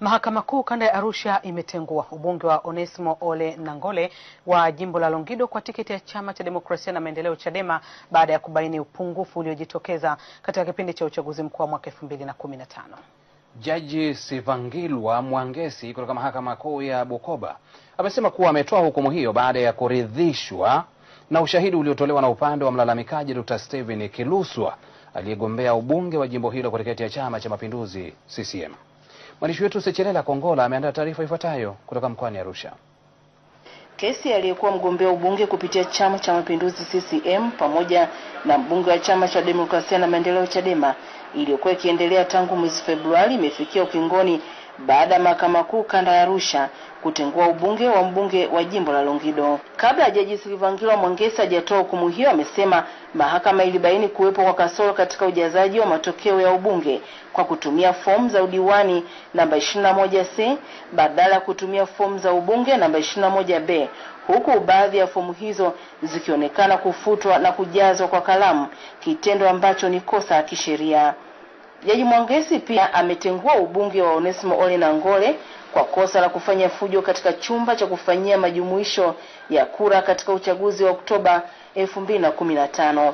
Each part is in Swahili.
Mahakama Kuu kanda ya Arusha imetengua ubunge wa Onesmo Ole Nangole wa jimbo la Longido kwa tiketi ya chama cha demokrasia na maendeleo Chadema baada ya kubaini upungufu uliojitokeza katika kipindi cha uchaguzi mkuu wa mwaka 2015. Jaji Sivangilwa Mwangesi kutoka Mahakama Kuu ya Bukoba amesema kuwa ametoa hukumu hiyo baada ya kuridhishwa na ushahidi uliotolewa na upande wa mlalamikaji Dr. Steven Kiluswa aliyegombea ubunge wa jimbo hilo kwa tiketi ya chama cha Mapinduzi CCM. Mwandishi wetu Sechelela Kongola ameandaa taarifa ifuatayo kutoka mkoani Arusha. Kesi aliyekuwa mgombea ubunge kupitia Chama cha Mapinduzi CCM pamoja na mbunge wa Chama cha Demokrasia na Maendeleo Chadema iliyokuwa ikiendelea tangu mwezi Februari imefikia ukingoni baada ya Mahakama Kuu kanda ya Arusha kutengua ubunge wa mbunge wa jimbo la Longido. Kabla ya Jaji Silvangilwa Mwangesa hajatoa hukumu hiyo, amesema mahakama ilibaini kuwepo kwa kasoro katika ujazaji wa matokeo ya ubunge kwa kutumia fomu za udiwani namba 21C badala ya kutumia fomu za ubunge namba 21B, huku baadhi ya fomu hizo zikionekana kufutwa na kujazwa kwa kalamu, kitendo ambacho ni kosa ya kisheria. Jaji Mwangesi pia ametengua ubunge wa Onesimo Ole Nangole kwa kosa la kufanya fujo katika chumba cha kufanyia majumuisho ya kura katika uchaguzi wa Oktoba 2015.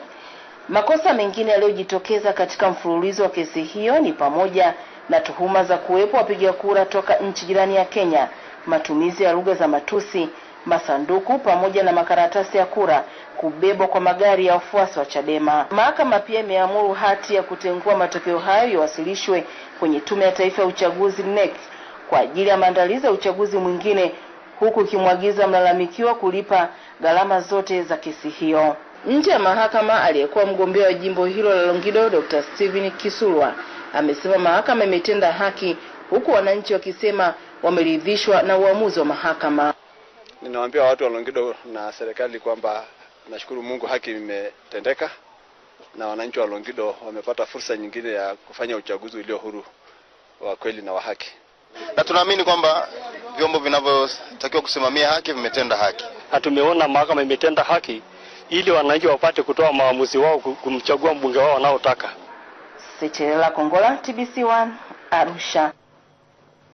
Makosa mengine yaliyojitokeza katika mfululizo wa kesi hiyo ni pamoja na tuhuma za kuwepo wapiga kura toka nchi jirani ya Kenya, matumizi ya lugha za matusi masanduku pamoja na makaratasi ya kura kubebwa kwa magari ya wafuasi wa Chadema. Mahakama pia imeamuru hati ya kutengua matokeo hayo yawasilishwe kwenye Tume ya Taifa ya Uchaguzi NEC kwa ajili ya maandalizi ya uchaguzi mwingine, huku ikimwagiza mlalamikiwa kulipa gharama zote za kesi hiyo. Nje ya mahakama, aliyekuwa mgombea wa jimbo hilo la Longido Dr. Steven Kisulwa amesema mahakama imetenda haki, huku wananchi wakisema wameridhishwa na uamuzi wa mahakama ninawaambia watu wa Longido na serikali kwamba nashukuru Mungu haki imetendeka na wananchi wa Longido wamepata fursa nyingine ya kufanya uchaguzi ulio huru wa kweli na wa haki, na tunaamini kwamba vyombo vinavyotakiwa kusimamia haki vimetenda haki. Hatumeona mahakama imetenda haki ili wananchi wapate kutoa maamuzi wao kumchagua mbunge wao wanaotaka. Sitirela Kongola, TBC1 Arusha.